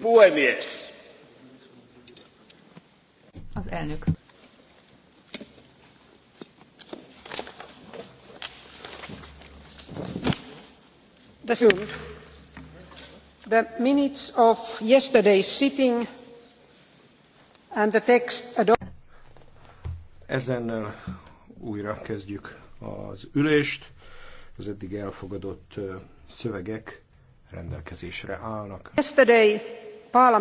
Puhemies! Az elnök. The minutes of yesterday's sitting and the text adopted. Ezennel uh, újra kezdjük az ülést. Az eddig elfogadott uh, szövegek rendelkezésre állnak.